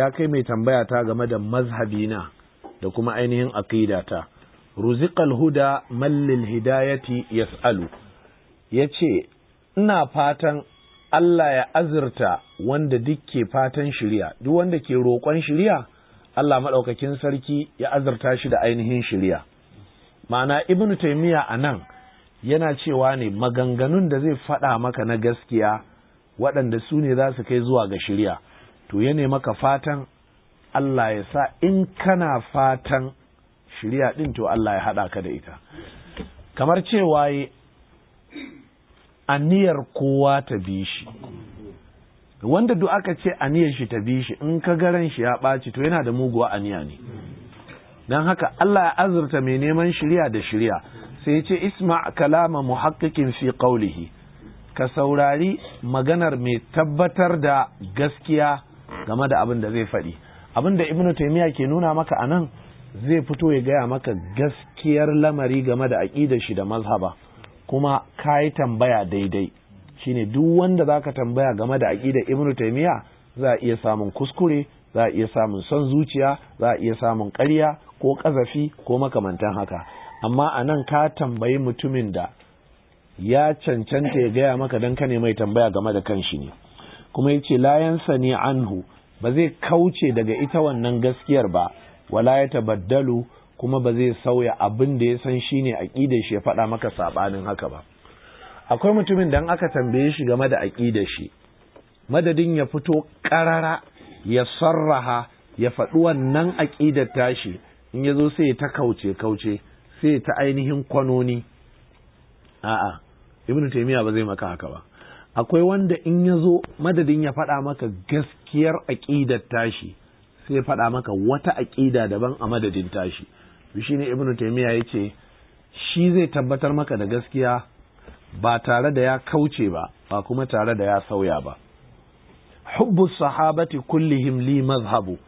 ya kai mai tambaya ta game da mazhabina da kuma ainihin aqidata ruziqal huda mallil hidayati yas'alu yace ina fatan Allah ya azurta wanda dukke fatan shirya duk wanda ke roƙon shirya Allah maɗaukakin sarki ya azurta shi da ainihin shirya ma'ana ibnu taymiya anan yana cewa ne maganganun da zai faɗa maka na gaskiya waɗanda su ne za su kai zuwa ga shirya to ya maka fatan Allah ya sa in kana fatan shirya ɗin to Allah ya haɗa ka da ita kamar cewa aniyar kowa ta bi shi wanda duk aka ce aniyar shi ta bi shi in ka garan shi ya ɓaci to yana da muguwa aniya ne don haka Allah ya azurta mai neman shirya da shirya sai ya ce isma kalama muhaqqiqin fi qawlihi ka saurari maganar mai tabbatar da gaskiya game da abin da zai faɗi abin da ibnu taymiya ke nuna maka anan zai fito ya gaya maka gaskiyar lamari game da aƙidar shi da mazhaba kuma ka yi tambaya daidai shine duk wanda za ka tambaya game da aƙida ibnu taymiya za a iya samun kuskure za a iya samun son zuciya za a iya samun ƙarya ko ƙazafi ko makamantan haka amma a nan ka tambayi mutumin da ya cancanta ya gaya maka don ka ne mai tambaya game da kanshi ne kuma yace la yansa anhu ba zai kauce daga ita wannan gaskiyar ba wala ya tabaddalu kuma ba zai sauya abin da ya san shine aƙida shi ya faɗa maka saɓanin haka ba akwai mutumin dan aka tambaye shi game da aƙida shi madadin ya fito ƙarara ya sarraha ya faɗi wannan aƙidar tashi in ya zo sai ta kauce kauce sai ta ainihin kwanoni a'a ibnu taimiyya ba zai maka haka ba akwai wanda in ya zo madadin ya faɗa maka gaskiyar aƙidar tashi sai ya faɗa maka wata aƙida daban a madadin tashi shi ne ibnu taimiyya ya ce shi zai tabbatar maka da gaskiya ba tare da ya kauce ba ba kuma tare da ya sauya ba hubbu sahabati kulli li mazhabu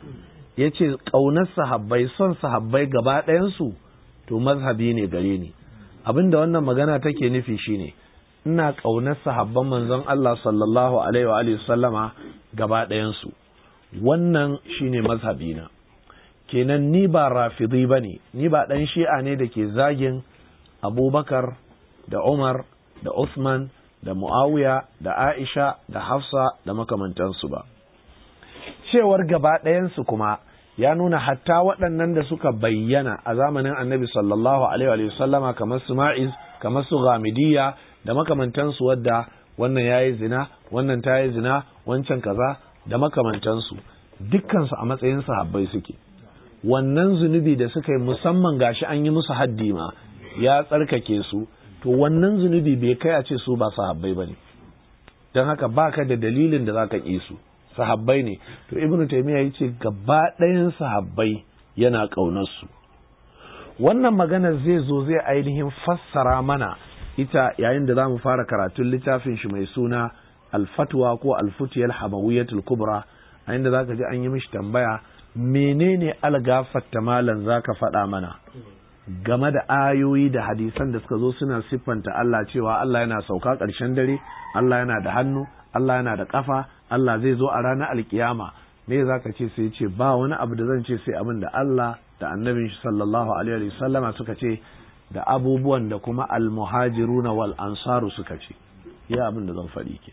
Ya ce ƙaunar sahabbai son sahabbai gaba ɗayansu to mazhabi ne gare ni abinda wannan magana take nufi shine ina ƙaunar sahabban manzon Allah sallallahu alaihi wa alihi sallama gaba ɗayansu wannan shine mazhabina kenan ni ba rafidi bane ni ba ɗan shi'a ne da ke zagin abubakar da umar da Usman, da Muawiya da Aisha da Hafsa da makamantansu ba. Cewar gaba ɗayansu kuma ya nuna hatta waɗannan da suka bayyana a zamanin annabi sallallahu Alaihi sallama kamar su kamar su ghamidiyya, da makamantansu wadda wannan ya yi zina wannan ta yi zina wancan kaza da makamantansu dukkansu a matsayin sahabbai suke wannan zunubi da suka yi musamman gashi an yi musu haddi ma ya tsarkake su to wannan zunubi bai kai a ce su ba sahabbai ba ne don haka ba ka da dalilin da za ka ƙi su sahabbai ne to ibnu taimiyya ya ce gaba ɗayan sahabbai yana ƙaunarsu wannan magana zai zo zai ainihin fassara mana ita yayin da za mu fara karatun littafin shi mai suna alfatwa ko alfutiyar habawiyatul kubra a inda za ka ji an yi mishi tambaya menene algafatta malam za ka faɗa mana game da ayoyi da hadisan da suka zo suna siffanta Allah cewa Allah yana sauka ƙarshen dare Allah yana da hannu Allah yana da ƙafa Allah zai zo a ranar alkiyama me za ka ce sai ce ba wani abu da zan ce sai abin da Allah da annabin shi sallallahu alaihi wasallama suka ce da abubuwan da kuma almuhajiruna wal ansaru suka ce ya abin da zan faɗi ke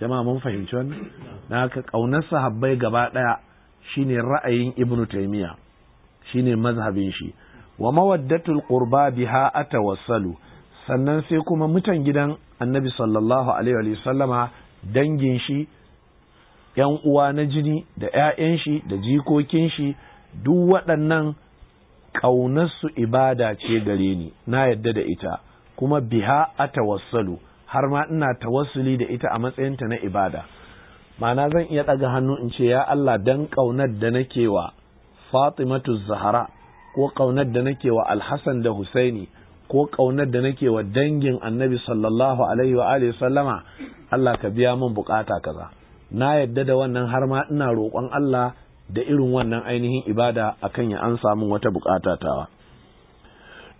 jama'a mun fahimci wannan na haka ƙaunar sahabbai gaba ɗaya shine ra'ayin ibn taymiya shine mazhabin shi wa mawaddatul qurba biha atawassalu sannan sai kuma mutan gidan annabi sallallahu alaihi wa sallama dangin shi yan uwa na jini da ƴaƴan shi da jikokin shi duk waɗannan ƙaunarsu ibada ce gare ni na yadda da ita kuma biha a tawassalu har ma ina tawassuli da ita a matsayinta na ibada ma'ana zan iya ɗaga hannu in ce ya Allah dan ƙaunar da nake wa Fatimatu Zahra, ko ƙaunar da nake wa Alhassan da Husaini ko ƙaunar da nake wa dangin Annabi sallallahu alaihi wa alihi sallama Allah ka biya min bukata kaza na yadda da wannan har ma ina roƙon Allah da irin wannan ainihin ibada a kan ya an samu wata bukata tawa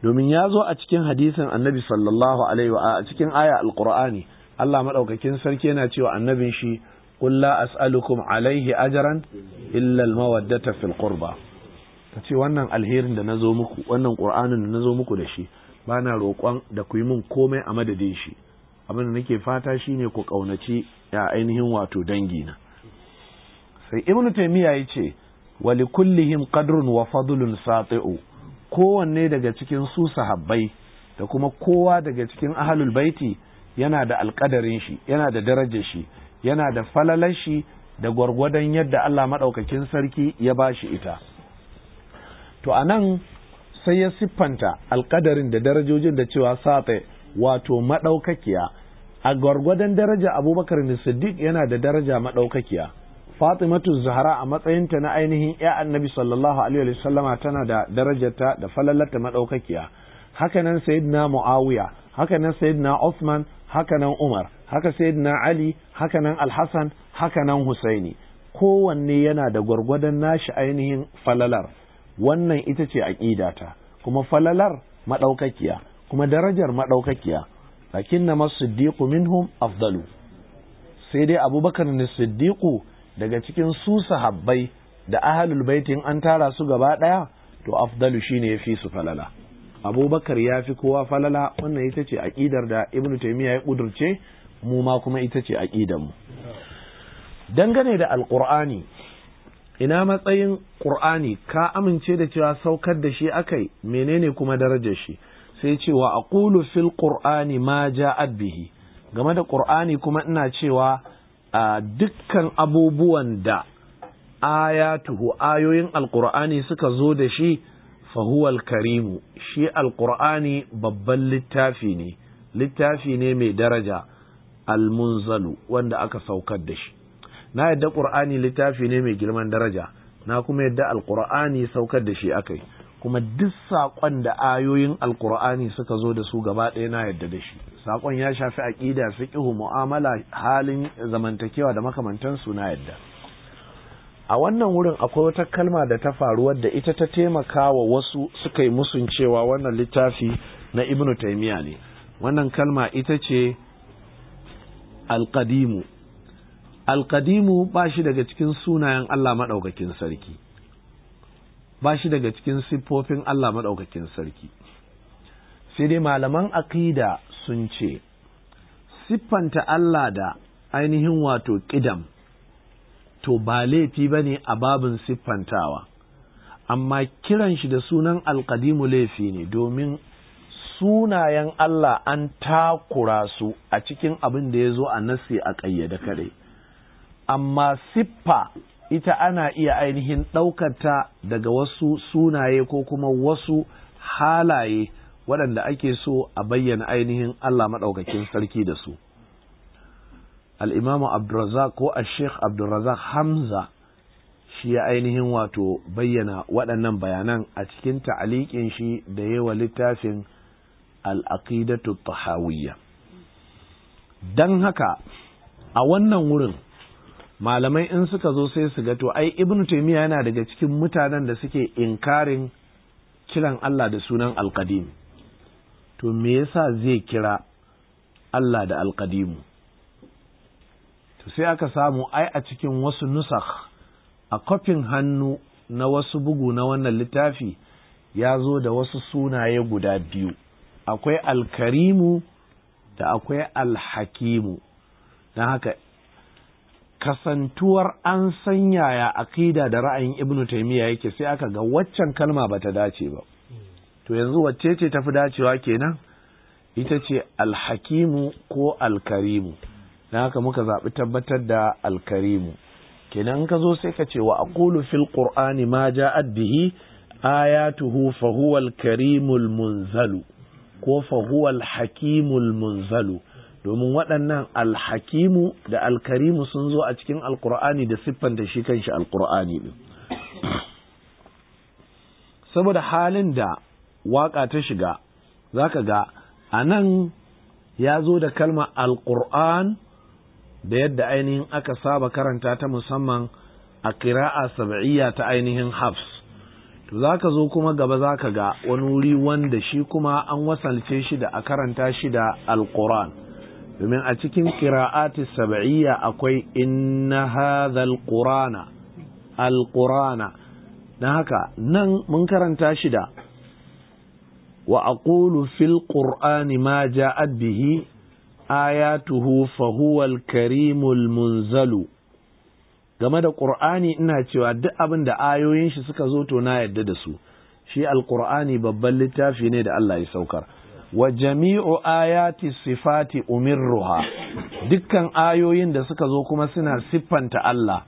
domin ya zo a cikin hadisin annabi sallallahu alaihi wa a cikin aya alqur'ani Allah madaukakin sarki yana cewa annabin shi qul la as'alukum alaihi ajran illa almawaddata fil qurba kace wannan alherin da nazo muku wannan qur'anin da nazo muku da shi bana roƙon da ku yi min komai a madadin shi abin da nake fata shine ku ƙaunaci ya ainihin wato dangi na sai ibnu taymiya ce, wa likullihim qadrun wa fadlun sati'u kowanne daga cikin su sahabbai da kuma kowa daga cikin ahlul baiti yana da alkadarin shi yana da darajar shi yana da falalar shi da gwargwadon yadda Allah maɗaukakin sarki ya ba shi ita to anan sai ya siffanta alƙadarin da darajojin da cewa sate wato maɗaukakiya a gwargwadon daraja abubakar siddiq yana da daraja maɗaukakiya fatimatu zahra a matsayinta na ainihin ya annabi sallallahu alaihi wasallama tana da darajarta da ta madaukakiya hakanan sayyidina muawiya hakanan sayyidina Uthman hakanan Umar haka sayyidina Ali hakanan Al-Hasan hakanan Husaini kowanne yana da gwargwadon nashi ainihin falalar wannan ita ce aqidata kuma falalar madaukakiya kuma darajar madaukakiya lakinna masiddiqu minhum afdalu sai dai Abubakar ne siddiqu daga cikin su sahabbai da ahalul baitin an tara su gaba ɗaya to afdalu shine ya fi su falala abubakar ya fi kowa falala wannan ita ce aƙidar da ibnu taimiyya ya ƙudurce mu ma kuma ita ce mu dangane da alƙur'ani ina matsayin ƙur'ani ka amince da cewa saukar da shi akai menene kuma darajar shi sai cewa aqulu fil qur'ani ma ja'at bihi game da ƙur'ani kuma ina cewa dukkan abubuwan da ayatuhu ayoyin alqur'ani suka zo da shi fahuwal karimu shi alqur'ani babban littafi ne littafi ne mai daraja almunzalu wanda aka saukar da shi na yadda qur'ani littafi ne mai girman daraja na kuma yadda alqur'ani saukar da shi akai kuma duk saƙon da ayoyin alkur'ani suka zo da su gaba ɗaya na yadda da shi saƙon ya shafi aƙida fiqhu mu'amala halin zamantakewa da makamantansu na yadda a wannan wurin akwai wata kalma da ta faru wadda ita ta taimaka wa wasu suka yi musun cewa wannan littafi na ibnu taymiya ne wannan kalma ita ce alqadimu alqadimu ba shi daga cikin sunayen Allah maɗaukakin sarki ba shi daga cikin siffofin Allah maɗaukakin sarki sai dai malaman aƙida sun ce siffanta Allah da ainihin wato ƙidam to ba laifi ba ne a babin siffantawa amma kiran shi da sunan alƙadimu laifi ne domin sunayen Allah an takura su a cikin abin da ya zo a nasi a ƙayyade kare amma siffa ita ana iya ainihin ɗaukata daga wasu sunaye ko kuma wasu halaye waɗanda ake so a bayyana ainihin Allah maɗaukakin sarki da su. Al'imamu Abdulrazak ko a Sheikh Hamza shi ya ainihin wato bayyana waɗannan bayanan a cikin ta'aliƙin shi da yawa littafin al'aƙidatu tahawiyya. Don haka, a wannan wurin malamai in suka zo sai su ga to ai ibn taymiya yana daga cikin mutanen da suke inkarin kiran Allah da sunan alqadim to me yasa zai kira Allah da alqadim to sai aka samu ai a cikin wasu nusakh a kofin hannu na wasu bugu na wannan littafi ya zo da wasu sunaye guda biyu akwai alkarimu da akwai alhakimu don haka kasantuwar an san yaya aqida da ra'ayin ibnu taymiya yake sai aka ga waccan kalma bata dace ba to yanzu wacce ce tafi dacewa kenan ita ce alhakimu ko alkarimu na haka muka zaɓi tabbatar da alkarimu kenan ka zo sai ka ce wa aqulu fil qur'ani ma ja'at bihi ayatuhu fa huwa alkarimul munzalu ko fa huwa alhakimul munzalu domin waɗannan alhakimu da alkarimu sun zo a cikin alkur'ani da siffan da shi kanshi alkur'ani ɗin saboda halin da waƙa ta shiga za ka ga a nan ya zo da kalma alkur'an da yadda ainihin aka saba karanta ta musamman a kira'a sab'iyya ta ainihin hafs to za ka zo kuma gaba za ka ga wani wuri wanda shi kuma an wasalce shi da a karanta shi da alkur'an domin a cikin qira'ati sab'iyya akwai inna hadhal qur'ana alqur'ana dan haka nan mun karanta shi da wa aqulu fil qur'ani ma ja'at bihi ayatuhu fa huwa al-karimul munzalu game da qur'ani ina cewa duk abin da ayoyin shi suka zo to na yadda da su shi alqur'ani babban littafi ne da Allah ya saukar wa jami'u ayati sifati umirruha dukkan ayoyin da suka zo kuma suna siffanta Allah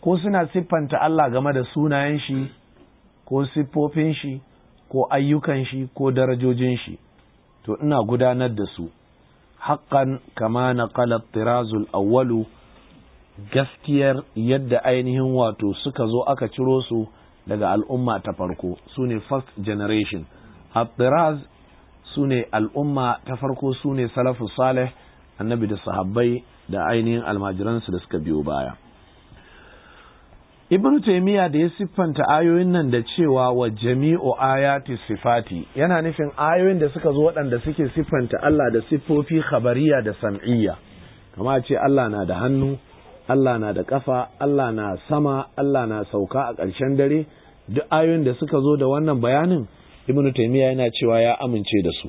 ko suna siffanta Allah game da sunayen shi ko siffofin shi ko ayyukan shi ko darajojin shi to ina gudanar da su haƙan. kama na tirazul awwalu gaskiyar yadda ainihin wato suka zo aka ciro su daga al'umma ta farko su ne first generation tiraz. su ne al'umma ta farko su ne salafu salih annabi da sahabbai da ainihin almajiransu da suka biyo baya ibn taimiyya da ya siffanta ayoyin nan da cewa wa jami'u ayati sifati yana nufin ayoyin da suka zo waɗanda suke siffanta Allah da siffofi khabariya da sam'iyya kama ce Allah na da hannu Allah na da ƙafa Allah na sama Allah na sauka a ƙarshen dare duk ayoyin da suka zo da wannan bayanin ibn taymiya yana cewa ya amince da su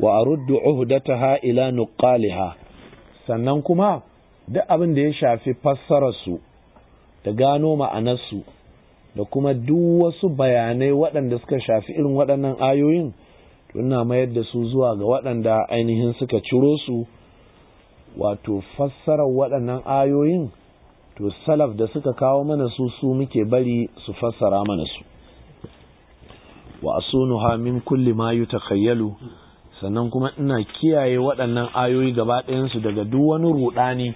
wa aruddu uhdataha ila nuqaliha sannan kuma duk abin da ya shafi fassarar su da gano ma'anar su da kuma duk wasu bayanai waɗanda suka shafi irin waɗannan ayoyin ina mayar da su zuwa ga waɗanda ainihin suka ciro su wato fassarar waɗannan ayoyin to salaf da suka kawo mana su su muke bari su fassara mana su wa asunuha min kulli ma yutakhayyalu sannan kuma ina kiyaye waɗannan ayoyi gaba ɗayansu daga duk wani rudani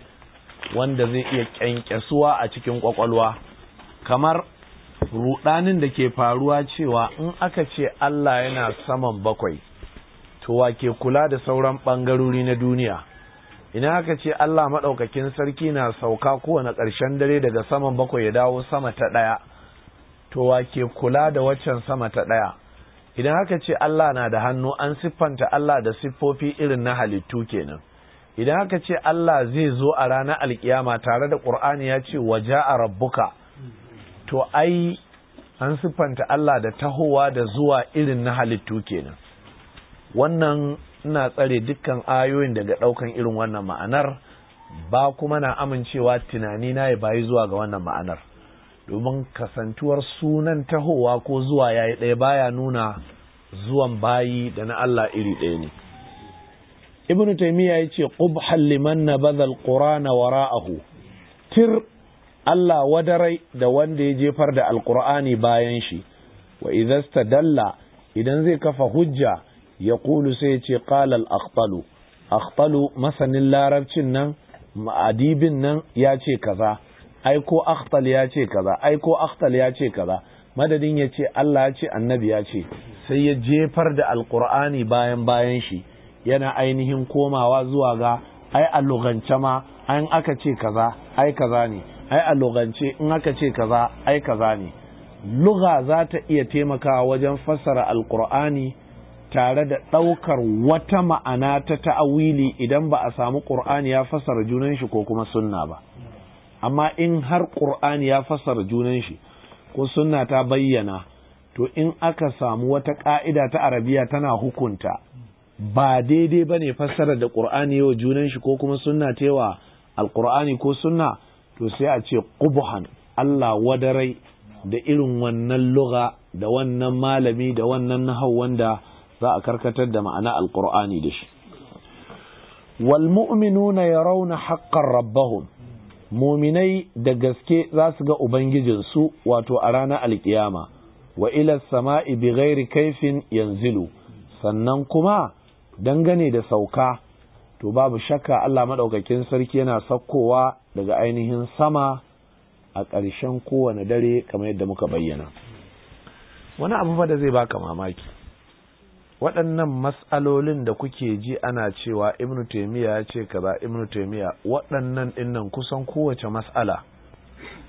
wanda zai iya kyankyasuwa a cikin kwakwalwa. kamar rudanin da ke faruwa cewa in aka ce Allah yana saman bakwai to wa ke kula da sauran ɓangarori na duniya ina aka ce Allah maɗaukakin sarki na sauka kowane ƙarshen dare daga saman bakwai ya dawo sama ta ɗaya to wa ke kula da waccan sama ta ɗaya idan haka ce Allah na da hannu an siffanta Allah da siffofi irin na halittu kenan idan haka ce Allah zai zo a ranar alkiyama tare da ƙur'ani ya ce waje a rabbuka to ai an siffanta Allah da tahowa da zuwa irin na halittu kenan wannan ina tsare dukkan ayoyin daga ɗaukan irin wannan ma'anar ba kuma na amincewa tunani na ya bayi zuwa ga wannan ma'anar domin kasantuwar sunan tahowa ko zuwa yayi ɗaya baya nuna zuwan bayi da na Allah iri ɗaya ne ibnu taymiya yace qubhal liman nabadha alqur'ana wara'ahu tir Allah wadarai da wanda ya jefar da alƙur'ani bayan shi wa idza dalla idan zai kafa hujja ya kulu sai ce ƙalal akhtalu akhtalu masanin larabcin nan ma'adibin nan ya ce kaza ai ko akhtal ya ce kaza ai ko akhtal ya ce kaza madadin ya ce Allah ya ce annabi ya ce sai ya jefar da alqur'ani bayan bayan shi yana ainihin komawa zuwa ga ai a lugance ma an aka ce kaza ai kaza ne ai a lugance in aka ce kaza ai kaza ne lugha za ta iya taimakawa wajen fassara alqur'ani tare da ɗaukar wata ma'ana ta ta'awili idan ba a samu ƙur'ani ya fassara junan shi ko kuma sunna ba amma in har ƙur'ani ya fassara junan shi ko sunna ta bayyana to in aka samu wata ƙa'ida ta arabiya tana hukunta ba daidai ba ne fassara da ƙur'ani yau junan shi ko kuma sunna ta tewa alƙur'ani ko sunna to sai a ce ƙubuhan Allah wadarai da irin wannan luga da wannan malami da wannan nahau wanda za a karkatar da ma'ana alƙur'ani da shi wal mu'minuna yarawna haqqan rabbahum muminai da gaske za su ga ubangijinsu wato a ranar alkiyama wa ilas sama'i ibi gairi kaifin yanzu. sannan kuma dangane da sauka to babu shakka Allah maɗaukakin sarki yana saukowa daga ainihin sama a ƙarshen kowane dare kamar yadda muka bayyana wani abu da zai baka mamaki waɗannan matsalolin da kuke ji ana cewa ibnu taimiyya ya ce kaza ibnu taimiyya waɗannan ɗinnan kusan kowace mas'ala.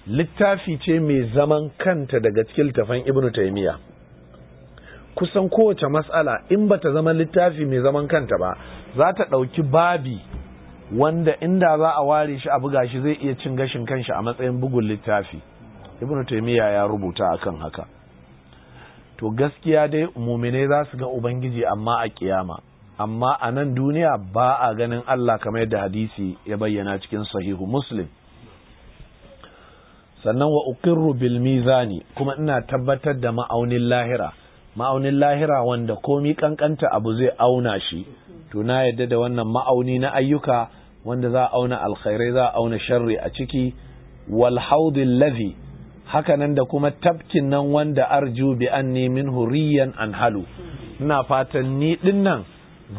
littafi ce mai zaman kanta daga cikin littafan ibnu taimiyya kusan kowace matsala in ba ta zama littafi mai zaman kanta ba za ta ɗauki babi wanda inda za a ware shi a buga shi zai iya cin gashin kanshi a matsayin bugun littafi ibnu taimiyya ya rubuta akan haka to gaskiya dai muminai za su ga ubangiji amma a kiyama amma a nan duniya ba a ganin Allah kamar yadda hadisi ya bayyana cikin sahihu muslim sannan wa uqirru bil mizani kuma ina tabbatar da ma'aunin lahira ma'aunin lahira wanda komi kankanta abu zai auna shi to na yadda da wannan ma'auni na ayyuka wanda za a auna alkhairai za a auna sharri a ciki wal haudil ladhi hakanan da kuma tabkin nan wanda arju bi anni min huriyan an halu ina fatan ni dinnan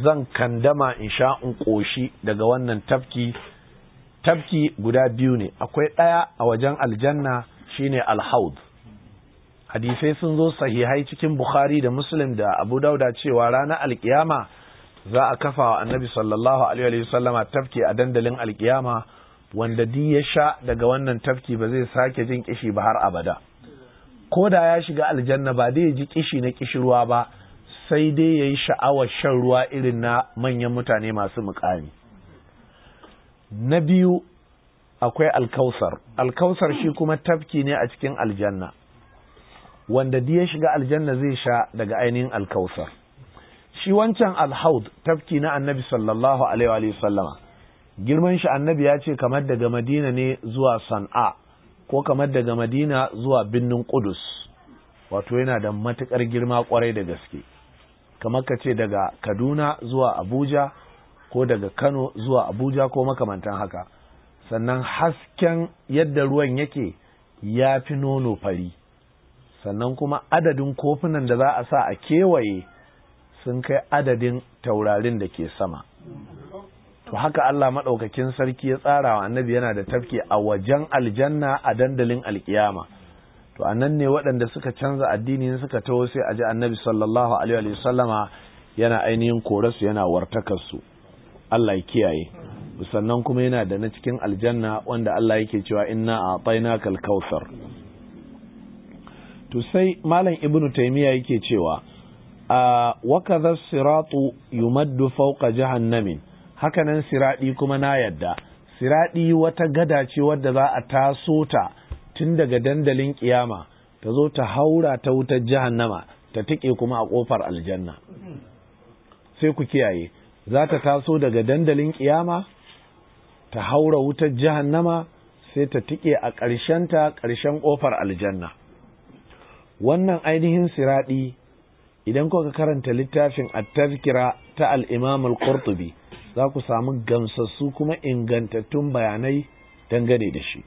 zan kandama in sha in koshi daga wannan tabki. Tabki guda biyu ne akwai ɗaya a wajen aljanna shine alhaud hadisai sun zo sahihai cikin bukhari da muslim da abu dauda cewa ranar alkiyama za a kafa wa annabi sallallahu alaihi wasallama tafki a dandalin alkiyama wanda di ya sha daga wannan tafki ba zai sake jin kishi ba har abada ko da ya shiga aljanna ba dai ji kishi na kishirwa ba sai dai ya yi sha'awar shan ruwa irin na manyan mutane masu mukami na biyu akwai alkausar alkausar shi kuma tafki ne a cikin aljanna wanda di ya shiga aljanna zai sha daga ainihin alkausar shi wancan alhaud tafki na annabi sallallahu alaihi wa sallama girman shi annabi ya ce kamar daga madina ne zuwa san'a ko kamar daga madina zuwa birnin kudus wato yana da matukar girma kwarai da gaske kamar ka ce daga kaduna zuwa abuja ko daga kano zuwa abuja ko makamantan haka sannan hasken yadda ruwan yake ya fi nono fari sannan kuma adadin kofunan da za a sa a kewaye sun kai adadin taurarin da ke sama to haka Allah madaukakin sarki ya tsara wa annabi yana da tafki a wajen aljanna a dandalin alkiyama to anan ne waɗanda suka canza addini suka taho sai a ji annabi sallallahu alaihi wasallama yana ainihin korasu yana wartakar su Allah ya kiyaye sannan kuma yana da na cikin aljanna wanda Allah yake cewa inna kal kautsar to sai malam ibnu taymiya yake cewa wa kadha siratu yumaddu fawqa jahannamin Haka nan siraɗi kuma na yadda siraɗi wata gada ce wadda za a taso ta tun daga dandalin kiyama ta zo ta haura ta wutar jahannama ta tike kuma a ƙofar aljanna sai ku kiyaye za ta taso daga dandalin kiyama ta haura wutar jahannama sai ta tike a ƙarshenta ƙarshen ƙofar aljanna wannan ainihin siraɗi idan kuka karanta littafin at-tazkira ta al-imam al-qurtubi za ku samu gamsassu kuma ingantattun bayanai dangane da shi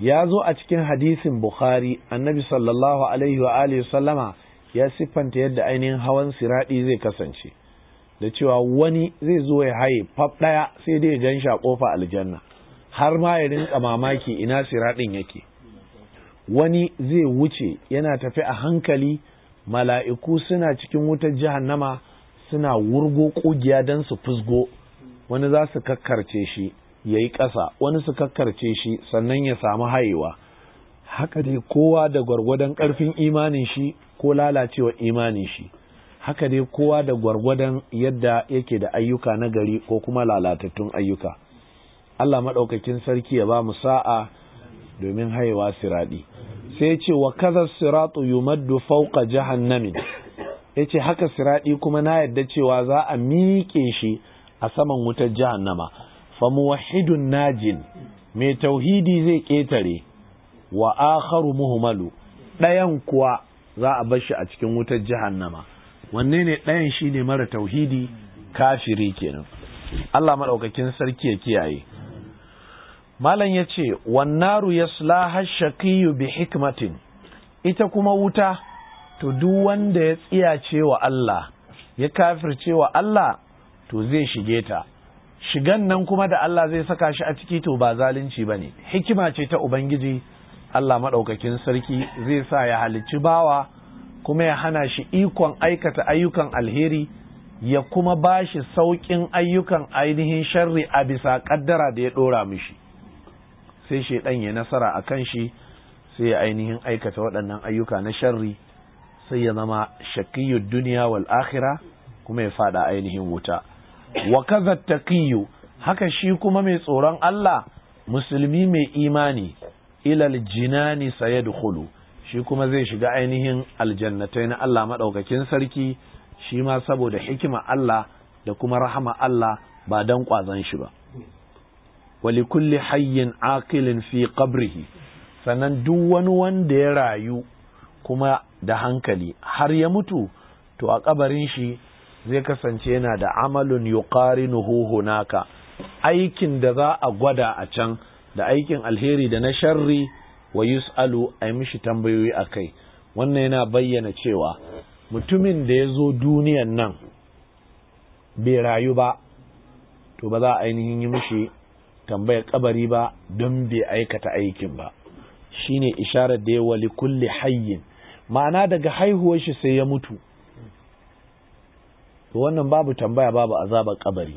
ya zo a cikin hadisin bukhari annabi sallallahu alaihi wa alihi sallama ya siffanta yadda ainihin hawan siradi zai kasance da cewa wani zai zo ya haye fab daya sai dai gan shi a kofa aljanna har ma ya rinka mamaki ina siradin yake wani zai wuce yana tafi a hankali mala'iku suna cikin wutar jahannama suna wurgo ƙugiya don su fusgo wani za su kakkarce shi ya yi ƙasa wani su kakkarce shi sannan ya samu hayewa haka dai kowa da gwargwadon ƙarfin imanin shi ko lalacewa imanin shi haka dai kowa da gwargwadon yadda yake da ayyuka na gari ko kuma lalatattun ayyuka Allah maɗaukakin sarki ya ba mu sa'a domin hayewa siraɗi sai ce wa kaza siratu yumaddu fawqa jahannami yace haka siradi kuma na yadda cewa za a miƙe shi a saman wutar jahannama fa muwahhidun najin mai tauhidi zai ketare wa akharu muhmalu ɗayan kuwa za a bar shi a cikin wutar jahannama wanne ne ɗayan shine mara tauhidi kafiri kenan Allah madaukakin sarki ya kiyaye malam ya ce wannaru ya shaqiyu bi hikmatin ita kuma wuta to duk wanda ya tsiyace wa Allah ya kafirce wa Allah to zai shige ta shigan nan kuma da Allah zai saka shi a ciki to ba zalunci ba ne hikima ce ta Ubangiji Allah maɗaukakin sarki zai sa ya halicci bawa kuma ya hana shi ikon aikata ayyukan alheri ya kuma bashi shi sauƙin ayyukan ainihin sharri a bisa ƙaddara da ya ɗora mishi. sai shaidan ya nasara a kan shi sai ya ainihin aikata waɗannan ayyuka na sharri sai ya zama shakiyyud duniya wal akhira kuma ya fada ainihin wuta wa kaza taqiyyu haka shi kuma mai tsoron Allah musulmi mai imani ilal jinani sayadkhulu shi kuma zai shiga ainihin aljannatai na Allah madaukakin sarki shi ma saboda hikima Allah da kuma rahama Allah ba dan kwazon shi ba wa li kulli hayyin aqilin fi qabrihi sannan duk wani wanda ya rayu kuma da hankali har ya mutu to a kabarin shi zai kasance yana da amalun yuqarinuhu hunaka aikin da za a gwada a can da aikin alheri da na sharri wa yus'alu a mishi tambayoyi a kai wannan yana bayyana cewa mutumin da ya zo duniyan nan bai rayu ba to ba za a ainihin yi mishi tambayar kabari ba don bai aikata aikin ba shine isharar da ya wali kulle hayyin ma'ana daga haihuwar shi sai ya mutu to wannan babu tambaya babu azabar kabari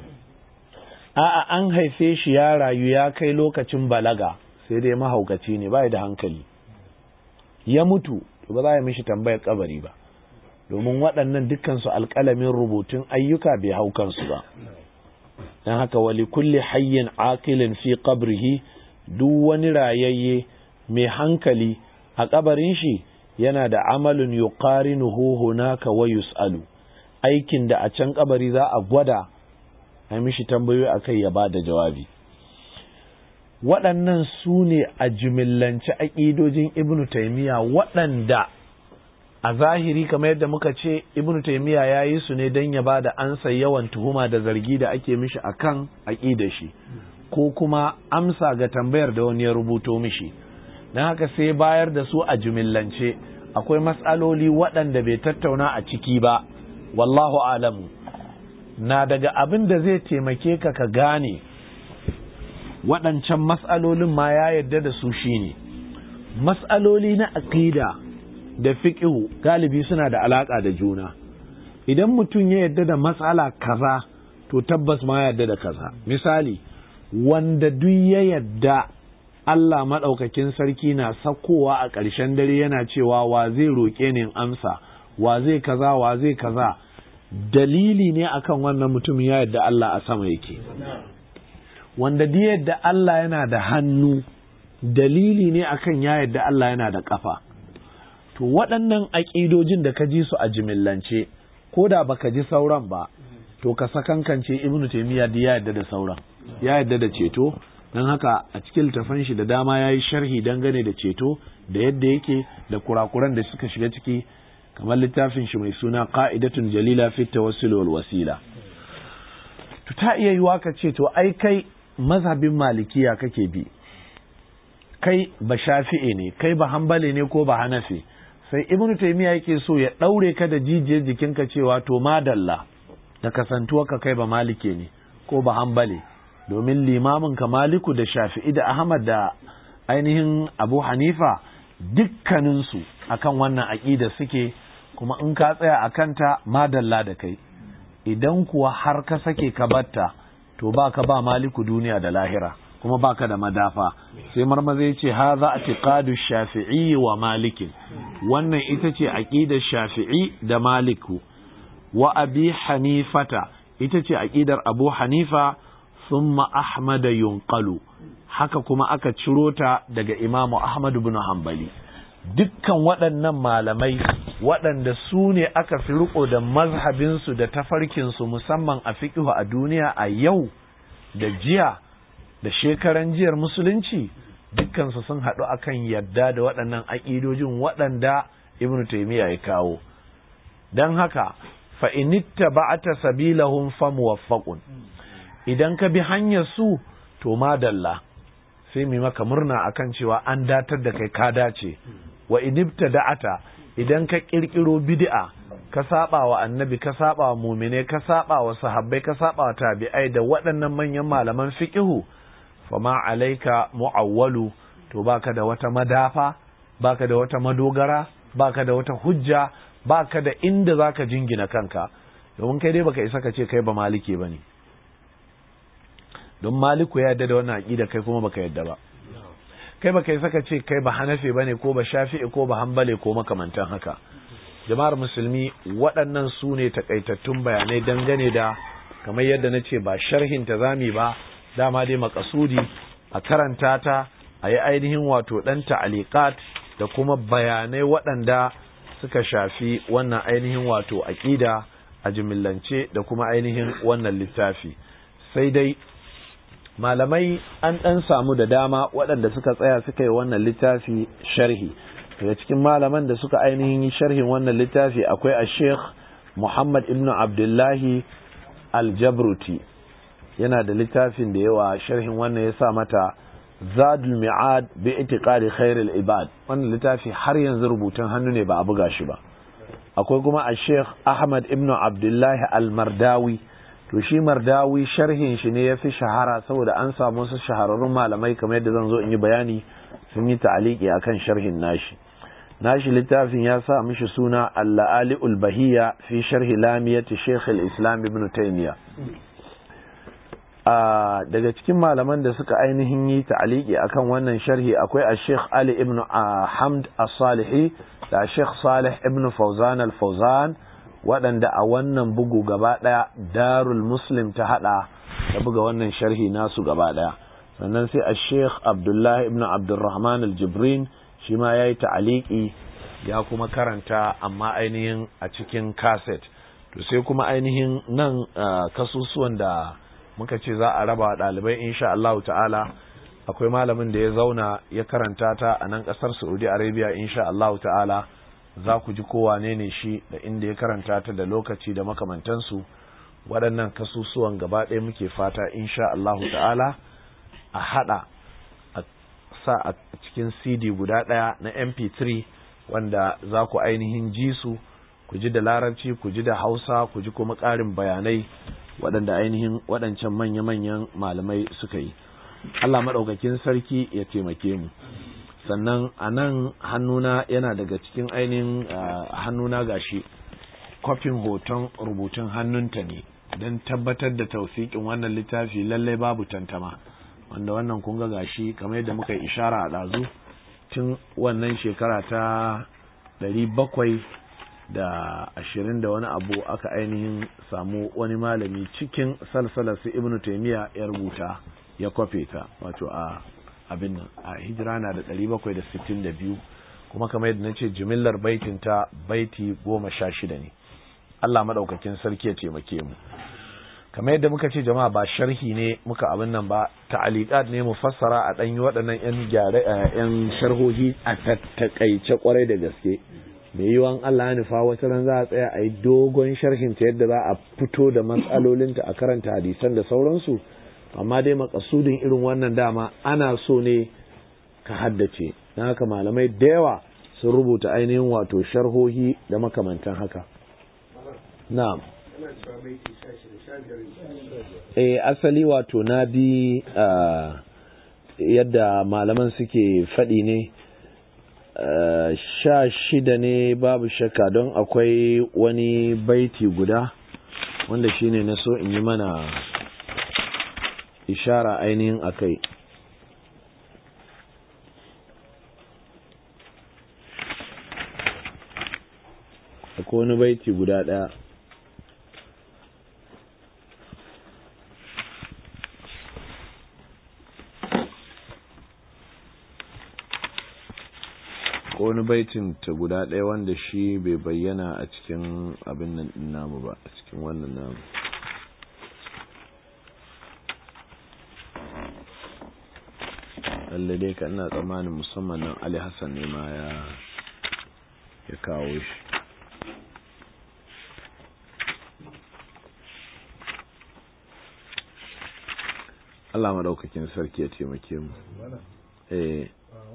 a'a an haife shi ya rayu ya kai lokacin balaga sai dai mahaukaci ne bai da hankali ya mutu to ba za ya mishi tambayar kabari ba domin waɗannan dukkansu alƙalamin rubutun ayyuka bai hau kansu ba dan haka wali kulli hayyin aqilin fi qabrihi duk wani rayayye mai hankali a kabarin shi yana da amalun yuqarinuhu hunaka wa yus'alu aikin da a can kabari za a gwada a mishi tambayoyi akai ya ba da jawabi waɗannan su ne a jimillance aƙidojin ibnu taimiyya waɗanda a zahiri kamar yadda muka ce ibn taimiyya ya yi su ne don ya ba da ansa yawan tuhuma da zargi da ake mishi a kan aƙida shi ko kuma amsa ga tambayar da wani ya rubuto mishi don haka sai bayar da su a jimillance akwai matsaloli waɗanda bai tattauna a ciki ba wallahu alamu na daga abin da zai taimake ka ka gane waɗancan matsalolin ma ya yarda da su shine matsaloli na aƙida da fiƙihu galibi suna da alaƙa da juna idan mutum ya yadda da matsala kaza to tabbas ma yadda da kaza misali wanda duk ya yadda Allah maɗaukakin sarki na sakowa a ƙarshen dare yana cewa wa zai roƙe ni amsa wa zai kaza wa zai kaza dalili ne akan wannan mutum ya yadda Allah a sama yake wanda duk yadda Allah yana da hannu dalili ne akan ya yadda Allah yana da ƙafa to waɗannan aƙidojin da ka ji su a jimillance ko da baka ji sauran ba to ka sakankance ibnu taymiya da ya yadda da sauran ya yadda da ceto don haka a cikin littafan shi da dama ya yi sharhi dangane da ceto da yadda yake da kurakuran da suka shiga ciki kamar littafin shi mai suna ka'idatun jalila fi tawassul wal wasila to ta iya yiwa ka ce to ai kai mazhabin malikiya kake bi kai ba shafi'e ne kai ba hambali ne ko ba hanafi sai ibnu taymiya yake so ya daure ka da jijiyar jikinka cewa to madalla da kasantuwa ka kai ba malike ne ko ba Hanbali domin limamin ka maliku da shafi'i da ahmad da ainihin abu hanifa dukkaninsu akan wannan aƙida suke kuma in ka tsaya a kanta madalla da kai idan kuwa har ka sake ka batta to ba ka ba maliku duniya da lahira kuma baka da madafa sai marmaza ya ce haza kadu shafi'i wa malikin wannan ita ce aqidar shafi'i da maliku wa abi hanifata ita ce aqidar abu hanifa sun ahmad yunqalu haka kuma aka ciro ta daga imamu ahmad bin hanbali dukkan waɗannan malamai waɗanda su ne aka fi riko da mazhabinsu da tafarkinsu musamman a fiƙihu a duniya a yau da jiya da shekaran jiyar musulunci dukkansu sun haɗu akan yadda da waɗannan aƙidojin waɗanda Ibn taimiyya ya kawo don haka fa'initta ba'ata sabilahum fa waffaƙun. idan ka bi hanyar su to ma madalla sai mai maka murna akan cewa an datar da kai ka dace wa inibta da'ata idan ka ƙirƙiro bid'a ka saba wa annabi ka saba wa mumine ka saba wa sahabbai ka saba wa tabi'ai da waɗannan manyan malaman Fiƙihu. fama alaika mu'awwalu to baka da wata madafa baka da wata madogara baka da wata hujja baka da inda zaka jingina kanka domin kai dai baka isa ka ce kai ba maliki bane don maliku ya yarda da wannan aqida kai kuma baka yarda ba kai baka isa ka ce kai ba hanafi bane ko ba shafi'i ko ba hanbali ko makamantan haka jama'ar musulmi waɗannan su ne takaitattun bayanai dangane da kamar yadda na ce ba sharhin ta zami ba dama dai makasudi a karanta ta a yi ainihin wato ɗan ta'alikat da kuma bayanai waɗanda suka shafi wannan ainihin wato aƙida a jimillance da kuma ainihin wannan littafi sai dai malamai an ɗan samu da dama waɗanda suka tsaya suka yi wannan littafi sharhi daga cikin malaman da suka ainihin sharhin wannan littafi akwai a sheikh muhammad ibn abdullahi aljabruti yana da littafin da yawa sharhin wannan ya sa mata zadul mi'ad bi itiqadi khairul ibad wannan littafi har yanzu rubutun hannu ne ba a buga shi ba akwai kuma a sheikh ahmad ibn abdullahi al-mardawi to shi mardawi sharhin shi ne yafi shahara saboda an samu su shahararrun malamai kamar yadda zan zo in yi bayani sun yi ta'aliki akan sharhin nashi nashi littafin ya sa mishi suna al-la'ali ul-bahiyya fi sharhi lamiyati sheikh al-islam ibn taymiyyah daga cikin malaman da suka ainihin yi ta'aliki akan wannan sharhi akwai a sheikh ali ibn hamd as-salihi da sheikh salih ibn fauzan al-fauzan waɗanda a wannan bugu gaba ɗaya darul muslim ta haɗa da buga wannan sharhi nasu gaba ɗaya sannan sai a sheikh abdullahi ibn abdurrahman al-jibrin shi ma ya yi ta'aliki ya kuma karanta amma ainihin a cikin kaset to sai kuma ainihin nan kasusuwan da muka ce za a raba ɗalibai insha Allah ta'ala akwai malamin da ya zauna ya karanta ta a nan ƙasar Saudi Arabia insha Allah ta'ala za ku ji kowa ne ne shi da inda ya karanta ta da lokaci da makamantansu waɗannan kasusuwan gaba ɗaya muke fata insha Allah ta'ala a haɗa a sa a cikin CD guda ɗaya na MP3 wanda za ku ainihin ji su ku ji da larabci ku ji da hausa ku ji kuma ƙarin bayanai waɗanda ainihin waɗancan manya-manyan malamai suka yi Allah maɗaukakin sarki ya taimake mu sannan a nan hannuna yana daga cikin ainihin hannuna gashi kwafin hoton rubutun hannunta ne don tabbatar da tausikin wannan littafi lallai babu tantama wanda wannan kun ga gashi kamar yadda muka yi ishara a ɗazu tun wannan shekara ta bakwai. da ashirin da wani abu aka ainihin samu wani malami cikin salsalar su ibnu taimiyya ya rubuta ya kwafe ta wato a abin nan a hijira na da ɗari bakwai da sittin biyu kuma kamar yadda nace jimillar baitin ta baiti goma sha shida ne Allah maɗaukakin sarki ya taimake mu kamar yadda muka ce jama'a ba sharhi ne muka abin nan ba ta'aliqat ne mu fassara a danyi waɗannan 'yan gyare 'yan sharhohi a tattakaice kwarai da gaske mai yiwuwan Allah ya nufa wata ran za a tsaya a yi dogon sharhin ta yadda za a fito da matsalolinta a karanta hadisan da sauransu amma dai makasudin irin wannan dama ana so ne ka haddace na haka malamai da yawa sun rubuta ainihin wato sharhohi da makamantan haka na'am eh asali wato na bi ah, yadda malaman suke faɗi ne Eh, sha shida ne babu shakka don akwai wani baiti guda wanda shine na so in yi mana ishara ainihin akai akwai wani baiti guda ɗaya wani baitin ta guda ɗaya wanda shi bai bayyana a cikin abin nan din namu ba a cikin wannan namu lalle dai ka ina tsammanin musamman nan Ali Hassan ne ma ya ya kawo shi Allah madaukakin sarki ya taimake mu eh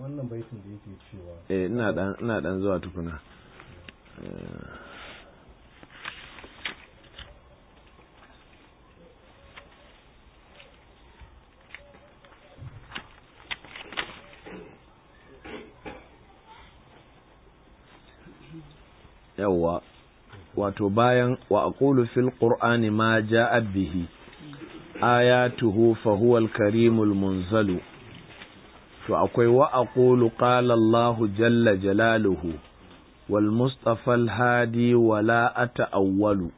wannan baitin da yake cewa eh ina dan ina dan zuwa tukuna eh. yawwa wato bayan wa aqulu fil qur'ani ma ja'a bihi ayatuhu fa huwa al-karimul munzalu to akwai wa aqulu qala Allahu jalla jalaluhu wal mustafa al hadi wala ata'awwalu